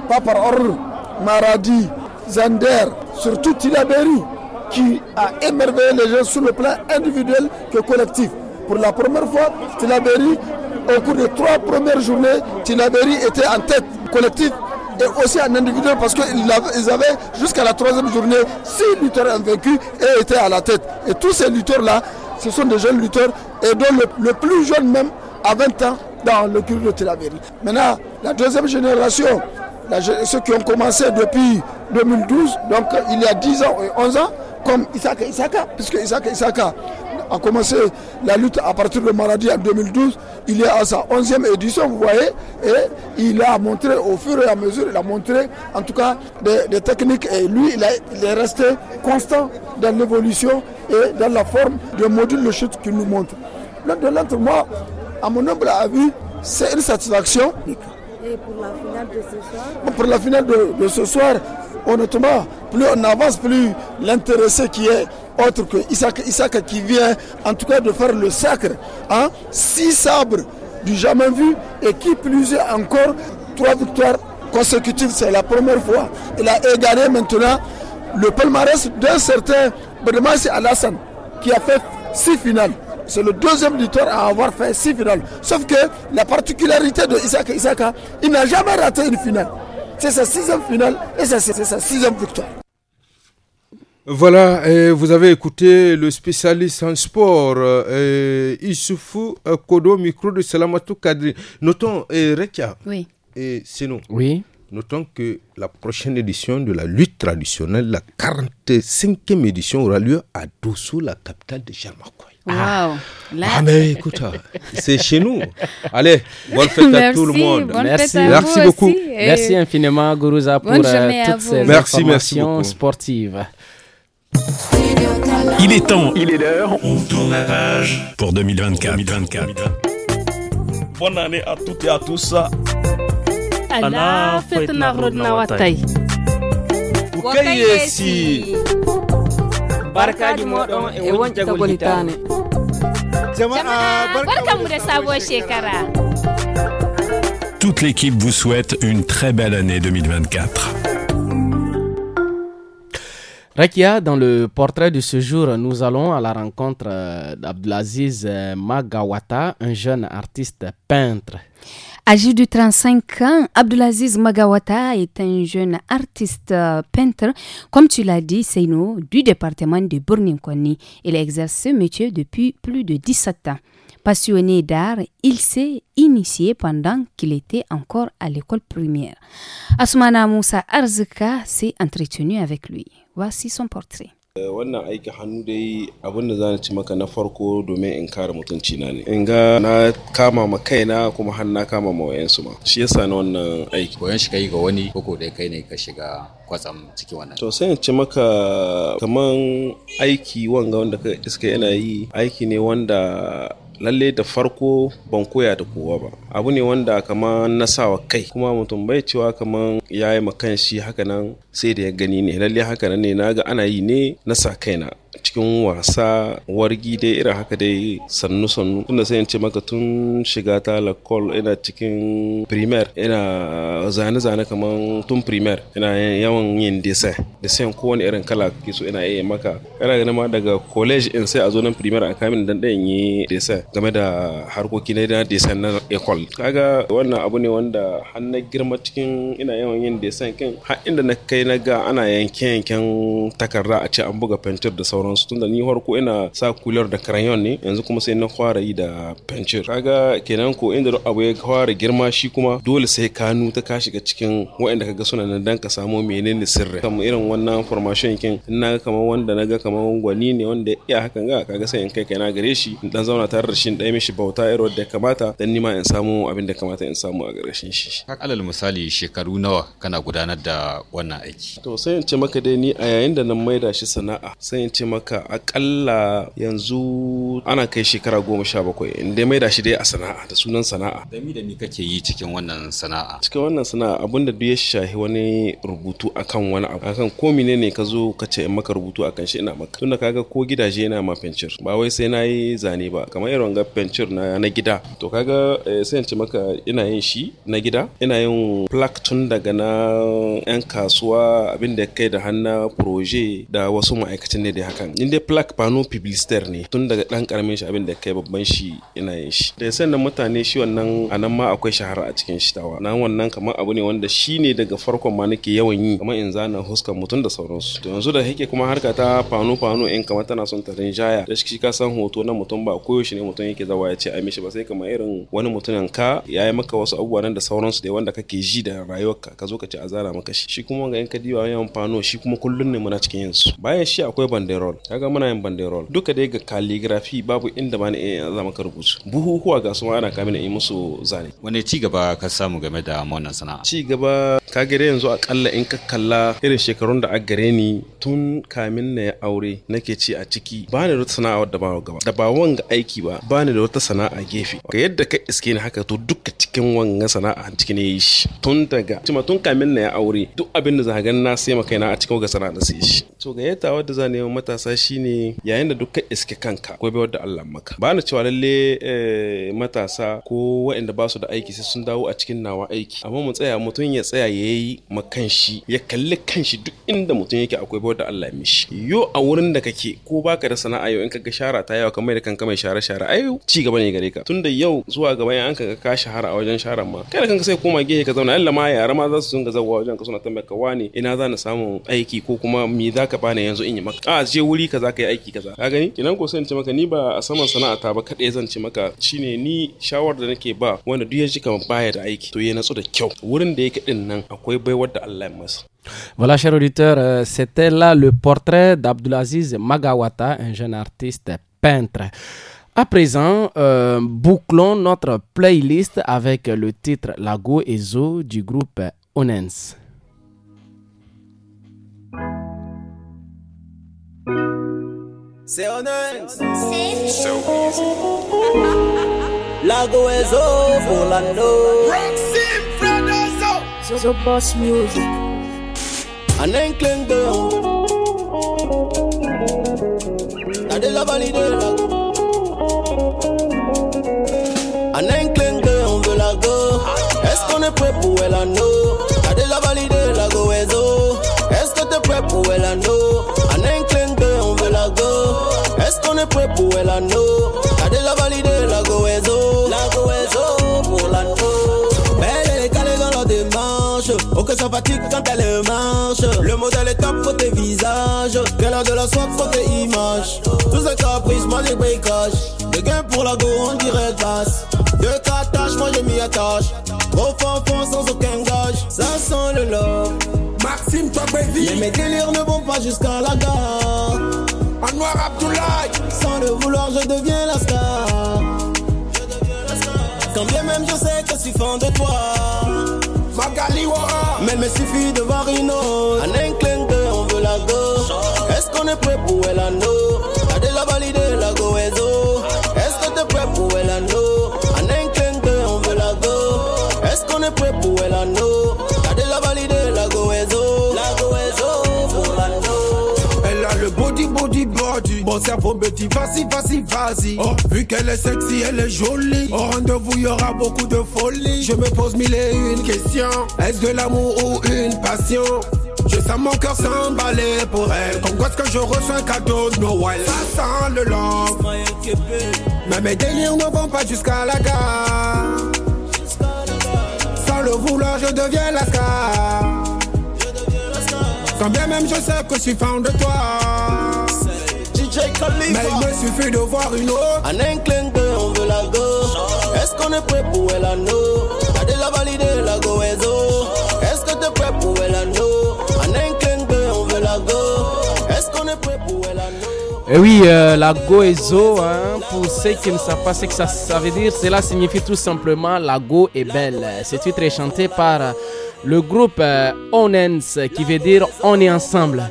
Papa par Maradi, Zander, surtout Tilaberi, qui a émerveillé les jeunes sur le plan individuel que collectif. Pour la première fois, Tilaberi, au cours des trois premières journées, Tilaberi était en tête collectif et aussi en individuel parce qu'ils avaient jusqu'à la troisième journée six lutteurs invaincus et étaient à la tête. Et tous ces lutteurs-là, ce sont des jeunes lutteurs et dont le, le plus jeune même, à 20 ans, dans le culte de Tilaveri. Maintenant, la deuxième génération, ceux qui ont commencé depuis 2012, donc il y a 10 ans et 11 ans, comme Isaka Isaka, puisque Isaka Isaka a commencé la lutte à partir de Maradi en 2012. Il est à sa 11e édition, vous voyez, et il a montré au fur et à mesure, il a montré en tout cas des, techniques. Et lui, il, est resté constant dans l'évolution et dans la forme de module de chute qu'il nous montre. L'un de l'autre, moi, à mon humble avis, c'est une satisfaction. Et pour la finale de ce soir Pour la finale de, ce soir, honnêtement, plus on avance, plus l'intéressé qui est autre que Isaac, qui vient en tout cas de faire le sacre. Hein, six sabres du jamais vu et qui plus est encore trois victoires consécutives. C'est la première fois. Il a égalé maintenant le palmarès d'un certain Bremasi Alassane qui a fait six finales. C'est le deuxième lutteur à avoir fait six finales. Sauf que la particularité de Isaka Isaka, il n'a jamais raté une finale. C'est sa sixième finale et c'est sa sixième victoire. Voilà, vous avez écouté le spécialiste en sport, euh, Issoufou Kodo, micro de Salamatou Kadri. Notons, et Rekia, et Sinon, oui. notons que la prochaine édition de la lutte traditionnelle, la 45e édition, aura lieu à Dosso, la capitale de Jamako. Ah. ah mais écoute, c'est chez nous. Allez, bonne fête à tout le monde. Merci, merci beaucoup. Merci infiniment, Guruza pour euh, toutes ces merci, informations sportives. Il est temps, il est l'heure. On tourne la page pour 2024. 2024. Bonne année à toutes et à tous. Allah, fête na rodna est si? Toute l'équipe vous souhaite une très belle année 2024. Rakia, dans le portrait de ce jour, nous allons à la rencontre euh, d'Abdelaziz euh, Magawata, un jeune artiste peintre. Âgé de 35 ans, Abdulaziz Magawata est un jeune artiste peintre, comme tu l'as dit, Seino, du département de Burninkoni. Il exerce ce métier depuis plus de 17 ans. Passionné d'art, il s'est initié pendant qu'il était encore à l'école primaire. Asmana Moussa Arzuka s'est entretenu avec lui. Voici son portrait. Eh, wannan aiki hannu dai abin da zan ci maka na farko domin in kare mutunci na ne in ga na kama ma kaina kuma har na kama ma wayansu ma shi yasa na wannan aiki koyan shi kai ga wani koko dai kai ne ka shiga kwatsam ciki wannan to sai in ci maka kaman aiki wanga wanda ka iska yana yi aiki ne wanda lalle da farko ban koya da kowa ba abu ne wanda kama na sawa kai kuma mutum bai cewa kaman ya yi ma kan shi haka nan sai da ya gani ne lalle haka nan ne na ga ana yi ne na sa kaina cikin wasa wargi dai irin haka dai sannu sannu tunda sai in ce maka tun shiga ta lakol ina cikin primer ina zane zane kaman tun primer ina yawan yin design design kowane irin kala kake so ina iya maka ina ganin ma daga college in sai a zo nan primer a kamin dan dan yi design game da harkoki na design na ecole kaga wannan abu ne wanda har na girma cikin ina yawan yin design kin har inda na kai na ga ana yanke yanken takarda a ce an buga fentir da sauran sauransu tunda ni farko ina sa kular da crayon ne yanzu kuma sai na fara yi da pencil kaga kenan ko inda abu ya fara girma shi kuma dole sai ka ta ka shiga cikin waɗanda kaga suna nan dan ka samu menene sirri kamar irin wannan formation kin na kamar wanda naga kamar gwani ne wanda ya hakan ga kaga sai in kai kai na gare shi dan zauna tare da shi dai mishi bauta irin da kamata dan nima in samu abin da kamata in samu a ƙarshen shi alal misali shekaru nawa kana gudanar da wannan aiki to sai in ce maka dai ni a yayin da na maida shi sana'a sai in ce maka akalla yanzu ana kai shekara goma sha bakwai inda mai da shi dai a sana'a da sunan sana'a da mi da mi kake yi cikin wannan sana'a cikin wannan sana'a abin da ya shahi wani rubutu akan wani abu akan ko ne ka zo ka ce in maka rubutu akan shi ina maka tunda kaga ko gidaje yana ma fencir ba wai sai na yi zane ba kamar irin ga fencir na na gida to kaga eh, sai in ce maka ina yin shi na gida ina yin plak tun daga na yan kasuwa abin da kai da hanna proje da wasu ma'aikatan ne da haka hakan in dai plaque pano publicitaire ne tun daga dan karamin shi abin da kai babban shi ina yin shi da sannan mutane shi wannan anan ma akwai shahara a cikin shi tawa nan wannan kamar abu ne wanda shi ne daga farkon ma nake yawan yi kamar in zana huskan mutum da sauransu to yanzu da hake kuma harka ta pano pano in kamar tana son ta rinjaya da shi ka san hoto na mutum ba koyo shi ne mutum yake zawa ya ce ai mishi ba sai kamar irin wani mutumin ka yayi maka wasu abubuwa nan da sauransu da wanda kake ji da rayuwarka ka zo ka ce a maka shi shi kuma ga in ka diba yawan pano shi kuma kullun ne muna cikin yin su bayan shi akwai bandero banderol kaga muna yin banderol duka dai ga calligraphy babu inda ma ne za maka rubutu buhuhuwa ga su ana kamin in musu zane wane ci gaba ka samu game da wannan sana'a ci gaba ka gare yanzu a kalla in ka kalla irin shekarun da a gare ni tun kamin na ya aure nake ci a ciki ba ni da wata sana'a wadda ba gaba da ba wanga aiki ba ba ni da wata sana'a gefe ga yadda ka iske ni haka to duka cikin wanga sana'a cikin ne yi shi tun daga cima tun kamin na ya aure duk abin da ga na sai makaina a cikin wanga sana'a na sai shi to ga yadda wadda za neman mata matasa shine yayin da dukkan iske kanka gobe wadda Allah maka ba na cewa lalle eh, matasa ko waɗanda ba su da aiki sai sun dawo a cikin nawa aiki amma mu tsaya mutum ya tsaya ya yi makan shi ya kalli kanshi duk inda mutum yake akwai bawar da Allah mishi yo a wurin da kake ko baka da sana'a yau in kaga shara ta yawa kamar da kanka mai share share ai ci gaba ne gare ka tunda yau zuwa gaba in an kaga ka shahara a wajen sharan ma kai da kanka sai koma gehe ka zauna Allah ma yara ma za su dinga zawa wajen ka suna tambaya ka wane ina za na samu aiki ko kuma me za ka bani yanzu in yi maka a ah, je wuri kaza kai aiki kaza ka gani kinan ko sai in ce maka ni ba a saman sana'ata ba kadai zan ce maka shine ni shawar da nake ba wanda duk ya ji kamar baya da aiki to ya natsu da kyau wurin da yake din nan akwai baiwar da Allah ya masa Voilà, chers auditeurs, euh, c'était là le portrait d'Abdulaziz Magawata, un jeune artiste peintre. À présent, euh, bouclons notre playlist avec le titre Lago et Zo du groupe Onens. Say on ends. So easy. Lago is over, Orlando. Roxy Brothers So, so boss music. An then cling down. Now they love and they And then cling down, the lago. Escone prepo, well, I know. pour elle anneau. T'as déjà validé la goézo, la goézo pour l'anneau. Elle est calée dans la démarche, aucun sympathique quand elle marche. Le modèle est top pour tes visages, a de la soif pour tes images. Tous ces caprices, moi j'ai payé cash. Des gains pour la go, on dirait glace. Deux cartages, moi je m'y attache. Gros fond, fond sans aucun gage, ça sent le love. Maxime, toi, baby. Mais mes délires ne vont pas jusqu'à la gare noir Abdoulaye. Sans le vouloir, je deviens la star. Je deviens la star. Quand bien même je sais que je suis fan de toi. Magali Wara. Mais il me suffit de voir une autre. En un clin on veut la go. Est-ce qu'on est prêt pour El Ano? T'as déjà validé la goézo. Est-ce que t'es prêt pour El Ano? En un clin on veut la go. Est-ce qu'on est prêt pour El Ano? cerveau me vas-y, vas-y, vas-y. Oh, vu qu'elle est sexy, elle est jolie. Au rendez-vous, il y aura beaucoup de folie. Je me pose mille et une questions. Est-ce de l'amour ou une passion? Je sens mon cœur s'emballer pour elle. Comme quoi est-ce que je reçois un cadeau de Noël Ça le long Mais mes délires ne vont pas jusqu'à la gare. Sans le vouloir, je deviens la star. Quand bien même je sais que je suis fan de toi. Mais il me suffit de voir une autre. En un on veut la go. Est-ce qu'on est prêt pour elle nous T'as déjà validé la goézo. Est-ce que t'es prêt pour elle à En un on veut la go. Est-ce qu'on est prêt pour elle nous Eh oui, euh, la goézo, hein, pour ceux qui ne savent pas ce que ça, veut dire, cela signifie tout simplement la go est belle. C'est titre est chanté par le groupe euh, Onens, qui veut dire on est ensemble.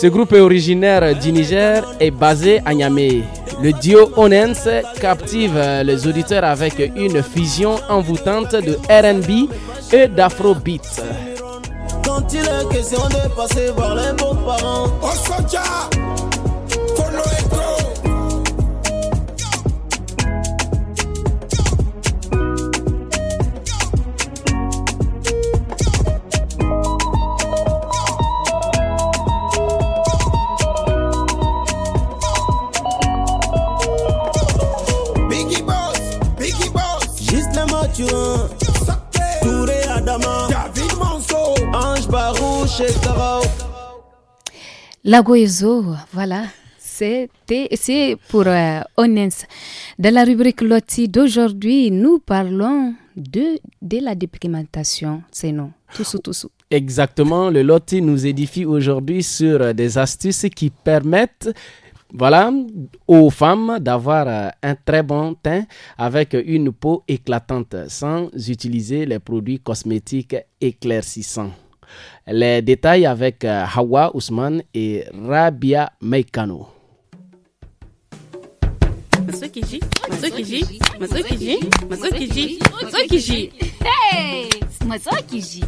Ce groupe est originaire du Niger et basé à Niamey. Le duo Onens captive les auditeurs avec une fusion envoûtante de RB et d'afrobeat. Lagoezo, voilà. C'est pour euh, Onens. Dans la rubrique Loti d'aujourd'hui, nous parlons de, de la dépigmentation. C'est non. tout Exactement. Le Loti nous édifie aujourd'hui sur euh, des astuces qui permettent voilà, aux femmes d'avoir euh, un très bon teint avec une peau éclatante sans utiliser les produits cosmétiques éclaircissants. Les détails avec euh, Hawa Ousmane et Rabia Meikano. Matsukiji, Matsukiji, Matsukiji, Matsukiji, Matsukiji. Hey! Matsukiji.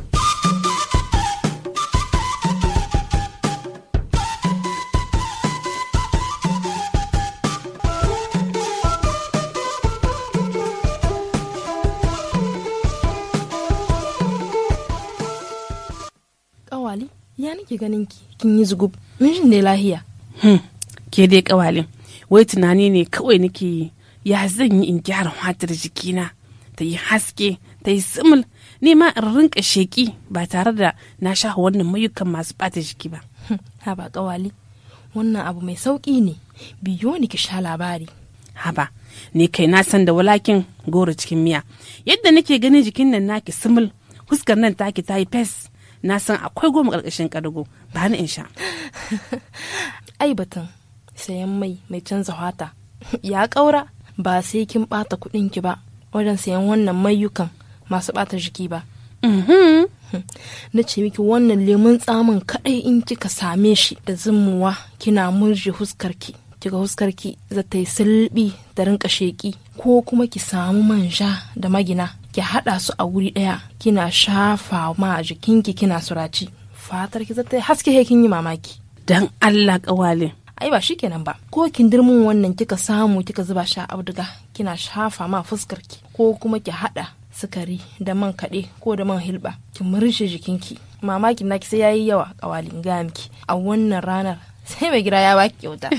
ake ganin ki kin yi zugub shi ne lahiya hmm. ke dai kawalin wai tunani ne kawai nake yi ya zan yi in gyara hatar jikina ta yi haske ta yi simul ne ma in rinka sheki ba tare da na sha wannan mayukan masu bata jiki ba hmm. ha ba kawali wannan abu mai sauki ne biyo ni ki sha labari ha ba ni kai na san da walakin goro cikin miya yadda nake ganin jikin nan naki simul huskar nan taki ta yi fes na san akwai goma karkashin ƙargo ba ni in sha ai batun sayan mai mai canza fata ya ƙaura ba sai kin ɓata kuɗin ki ba wajen sayan wannan mayukan masu ɓata jiki ba mhm. na ce miki wannan lemun tsamin kaɗai in kika same shi da zumuwa kina murje huskarki kiga huskarki za ta yi sulbi da rinka sheƙi ko kuma ki samu manja da magina ki haɗa su a wuri ɗaya kina shafa ma jikinki kina surace fatar ki zata haske he kin yi mamaki dan Allah kawale ai ba shi shikenan ba ko kin dirmin wannan kika samu kika zuba sha auduga kina shafa ma fuskar ki ko kuma ki haɗa sukari da man kaɗe ko da man hilba ki murshe jikinki mamakin naki sai yayi yawa kawalin ga miki a wannan ranar sai mai gida ya baki wuta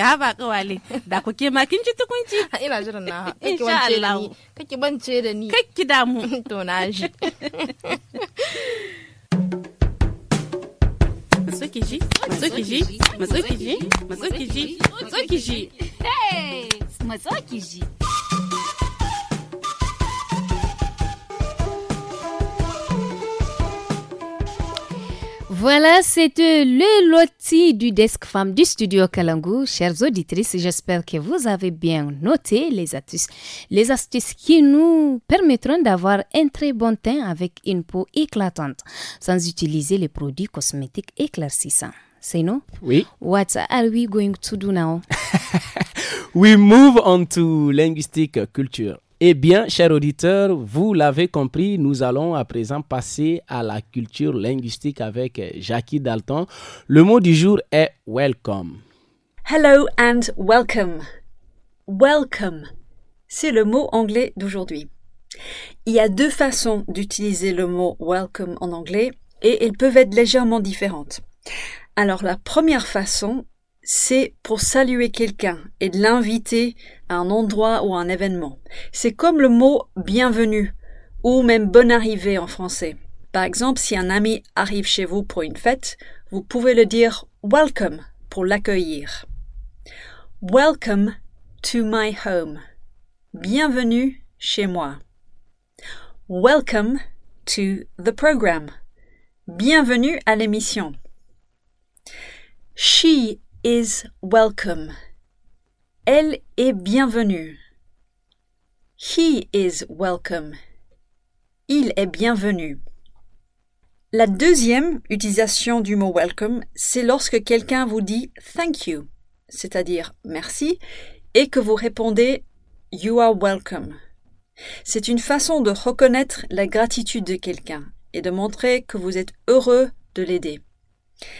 ha ba kawale da ku ke ma kin ci tukunci ina jiran na kake wance da ni kake bance da ni kake damu to na shi matsukiji matsukiji matsukiji matsukiji matsukiji matsukiji Voilà, c'est euh, le loti du desk femme du studio Kalangu. Chères auditrices, j'espère que vous avez bien noté les astuces, les astuces qui nous permettront d'avoir un très bon teint avec une peau éclatante, sans utiliser les produits cosmétiques éclaircissants. C'est nous Oui. What are we going to do now? we move on to linguistic culture. Eh bien, chers auditeurs, vous l'avez compris, nous allons à présent passer à la culture linguistique avec euh, Jackie Dalton. Le mot du jour est welcome. Hello and welcome. Welcome, c'est le mot anglais d'aujourd'hui. Il y a deux façons d'utiliser le mot welcome en anglais et elles peuvent être légèrement différentes. Alors la première façon, c'est pour saluer quelqu'un et de l'inviter à un endroit ou à un événement. C'est comme le mot bienvenue ou même bonne arrivée en français. Par exemple, si un ami arrive chez vous pour une fête, vous pouvez le dire welcome pour l'accueillir. Welcome to my home. Bienvenue chez moi. Welcome to the program. Bienvenue à l'émission. She is welcome. Elle est bienvenue. He is welcome. Il est bienvenu. La deuxième utilisation du mot welcome, c'est lorsque quelqu'un vous dit thank you, c'est-à-dire merci, et que vous répondez you are welcome. C'est une façon de reconnaître la gratitude de quelqu'un et de montrer que vous êtes heureux de l'aider.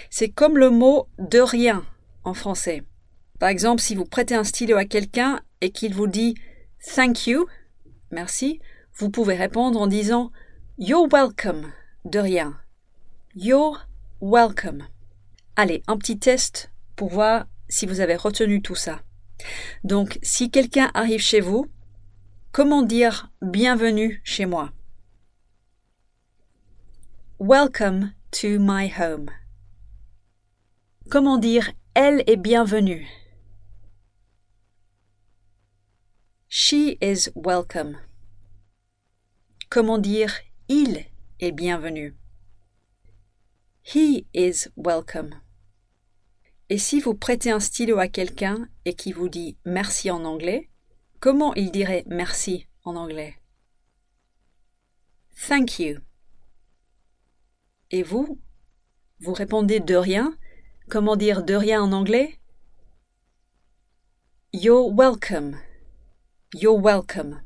C'est comme le mot de rien en français. Par exemple, si vous prêtez un stylo à quelqu'un et qu'il vous dit Thank you, merci, vous pouvez répondre en disant You're welcome, de rien. You're welcome. Allez, un petit test pour voir si vous avez retenu tout ça. Donc, si quelqu'un arrive chez vous, comment dire bienvenue chez moi Welcome to my home. Comment dire elle est bienvenue. She is welcome. Comment dire il est bienvenu? He is welcome. Et si vous prêtez un stylo à quelqu'un et qui vous dit merci en anglais, comment il dirait merci en anglais Thank you. Et vous Vous répondez de rien Comment dire de rien en anglais You're welcome. You're welcome.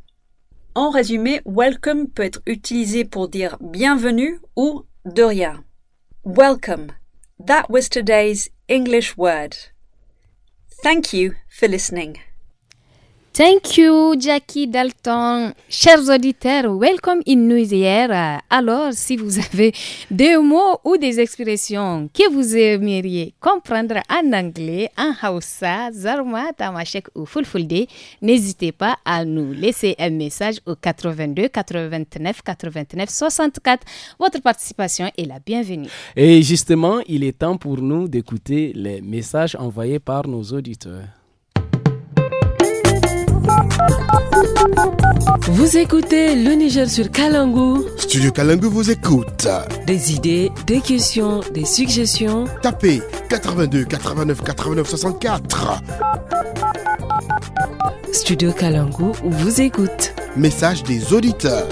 En résumé, welcome peut être utilisé pour dire bienvenue ou de rien. Welcome. That was today's English word. Thank you for listening. Thank you, Jackie Dalton. Chers auditeurs, welcome in Year. Alors, si vous avez des mots ou des expressions que vous aimeriez comprendre en anglais, en Hausa, Zarma, Tamashek ou Fulfulde, n'hésitez pas à nous laisser un message au 82 89 89 64. Votre participation est la bienvenue. Et justement, il est temps pour nous d'écouter les messages envoyés par nos auditeurs. Vous écoutez le Niger sur Kalangu. Studio Kalangu vous écoute. Des idées, des questions, des suggestions. Tapez 82 89 89 64. Studio Kalangu vous écoute. Message des auditeurs.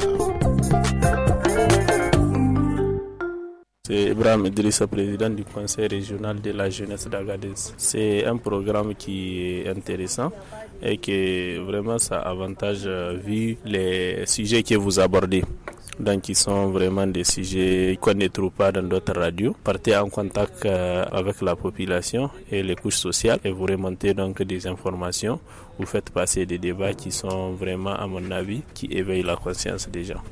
C'est Ibrahim Idrissa, président du conseil régional de la jeunesse d'Agadez. C'est un programme qui est intéressant et que vraiment ça avantage euh, vu les sujets que vous abordez. Donc, qui sont vraiment des sujets qu'on ne trouve pas dans d'autres radios. Partez en contact euh, avec la population et les couches sociales et vous remontez donc des informations. Vous faites passer des débats qui sont vraiment, à mon avis, qui éveillent la conscience des gens.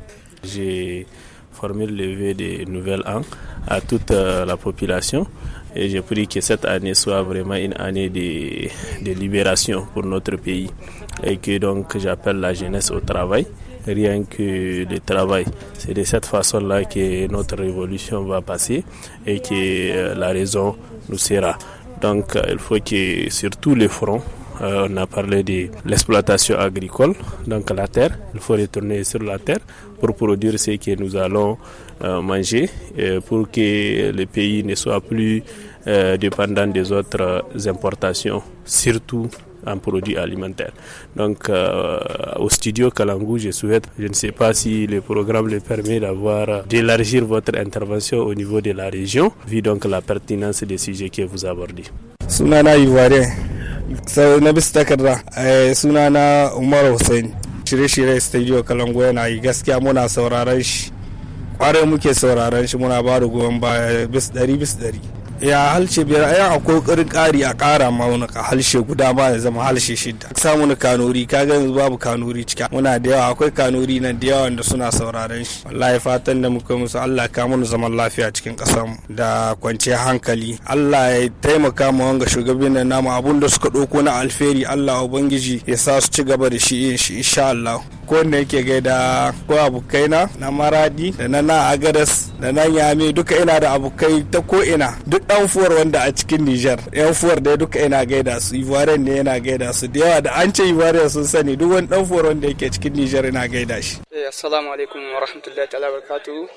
J'ai formé le des nouvelles ans à toute euh, la population et j'ai pris que cette année soit vraiment une année de, de libération pour notre pays. Et que donc j'appelle la jeunesse au travail rien que le travail. C'est de cette façon-là que notre révolution va passer et que euh, la raison nous sera. Donc euh, il faut que sur tous les fronts, euh, on a parlé de l'exploitation agricole, donc la terre. Il faut retourner sur la terre pour produire ce que nous allons euh, manger, pour que le pays ne soit plus euh, dépendant des autres importations, surtout en produits alimentaires. Donc au studio Kalangou, je souhaite, je ne sais pas si le programme le permet d'avoir d'élargir votre intervention au niveau de la région, vu donc la pertinence des sujets que vous abordez. na bisa takarda eh, suna na umar hussein shirye-shirye studio kalango yana yi gaskiya muna sauraron shi kware muke sauraron shi muna ba da goyon baya eh, bis dari bis dari. ya halshe biyar ai a kokarin kari a kara ma wani ka halshe guda ma ya zama halshe shida samu na kanuri ga yanzu babu kanuri cika muna da yawa akwai kanuri na da yawa da suna sauraren shi wallahi fatan da muka musu Allah ka mu zaman lafiya cikin kasar mu da kwanciyar hankali Allah ya taimaka mu wanga shugabin nan namu abun da suka doko na alferi Allah ubangiji ya sa su ci gaba da shi insha Allah ko ne yake gaida ko abokaina na maradi da na na agadas da na yame duka ina da abokai ta ko ina duk yan fuwar wanda a cikin Nijar yan fuwar duka yana gaida su Ivoirian ne yana gaida su da yawa da an ce Ivoirian sun sani duk wani dan fuwar wanda yake cikin Nijar yana gaida shi eh, assalamu alaikum wa rahmatullahi ta'ala barakatuhu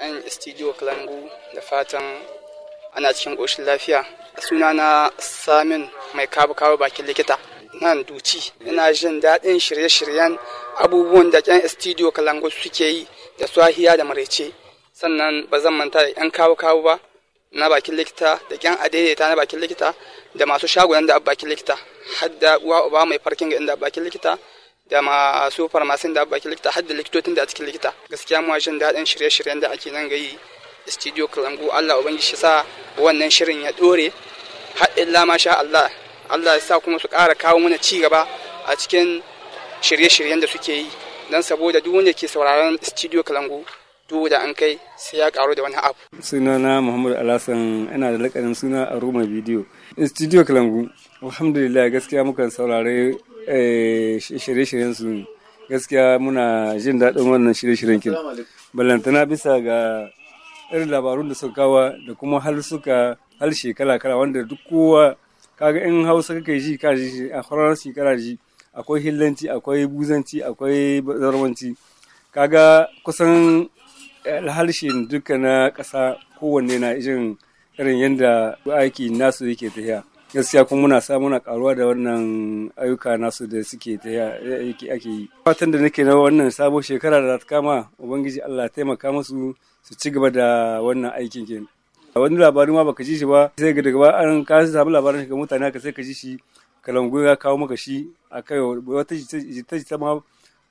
yan studio Kalangu da fatan ana cikin ƙoshin lafiya na Samin mai kabu kawo bakin likita nan duci ina jin daɗin shirye-shiryen abubuwan da yan studio Kalangu suke yi da swahiya da maraice sannan ba zan manta da yan kawo kawo ba na bakin likita da kyan adaidaita na bakin likita da masu shagunan da bakin likita har da uwa uba mai farkin ga inda bakin likita da masu farmasin da bakin likita har da da a cikin likita gaskiya mu jin daɗin shirye-shiryen da ake nan gayi studio kalangu Allah ubangiji sa wannan shirin ya dore har illa ma sha Allah Allah ya sa kuma su ƙara kawo mana ci gaba a cikin shirye-shiryen da suke yi don saboda duk wanda ke sauraron studio kalangu duk da an kai sai ya karu da wani abu. Sunana Muhammadu Alasan ina da lakarin suna a Roma Bidiyo. Studio Kalangu, alhamdulillah gaskiya mukan saurare eh, shirye-shiryen su gaskiya muna jin daɗin wannan shirye-shiryen kin. Ballantana bisa ga irin labarun da suka kawa da kuma hal suka hal shekara kala wanda duk kowa kaga in hausa kake ji ka ji a horar shekara ji akwai hillanci akwai buzanci akwai zarwanci kaga kusan alhalshin duka na ƙasa kowanne na irin irin yadda aiki nasu yake tafiya gaskiya kuma muna sa muna karuwa da wannan ayyuka nasu da suke tafiya ake yi fatan da nake na wannan sabo shekara da ta kama ubangiji Allah taimaka musu su ci gaba da wannan aikin kenan wani labarin ma baka ji shi ba sai ga daga ba an ka samu labarin ga mutane ka sai ka ji shi kalangu ya kawo maka shi akai wata jita jita ma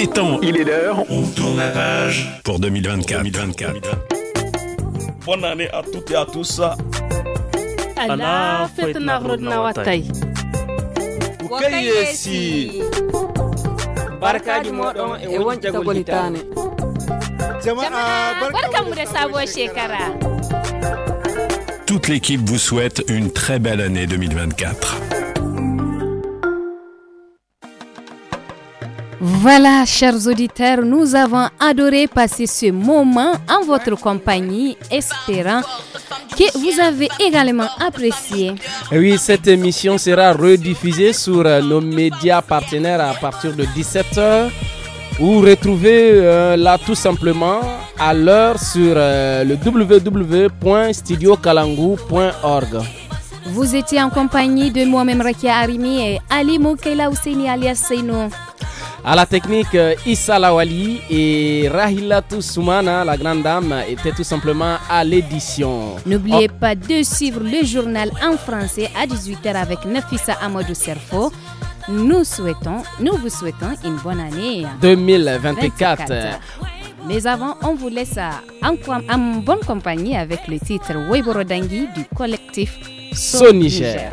Il est temps. Il est l'heure. On tourne la page. Pour 2024. 2024. Bonne année à toutes et à tous. Allah fitna rodna watay. Kukayesi. Barkaji modon e wonta golitane. Jama'a barkamu da sabuwar shekara. Toute l'équipe vous souhaite une très belle année 2024. Voilà, chers auditeurs, nous avons adoré passer ce moment en votre compagnie, espérant que vous avez également apprécié. Oui, cette émission sera rediffusée sur euh, nos médias partenaires à partir de 17h vous retrouvez euh, là tout simplement à l'heure sur euh, le www.studiocalangou.org. Vous étiez en compagnie de moi-même Rakia Arimi et Ali Moukaila Ousseini alias Seino. À la technique, euh, Issa Lawali et Rahila Soumana, la grande dame, était tout simplement à l'édition. N'oubliez pas de suivre le journal en français à 18h avec Nafissa Amadou Serfo. Nous souhaitons, nous vous souhaitons une bonne année 2024. Mais avant, on vous laisse en, en bonne compagnie avec le titre Weiborodangi du collectif Soniger.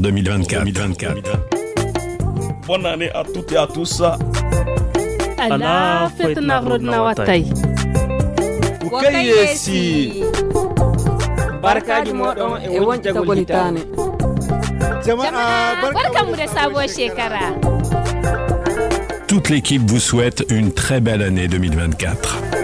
2024. 2024. Bonne année à toutes et à tous. Allah fitna rodna watay. Kukaye Barka Barkaji modon e wonta golitane. Jama'a barkamu da shekara. Toute l'équipe vous souhaite une très belle année 2024.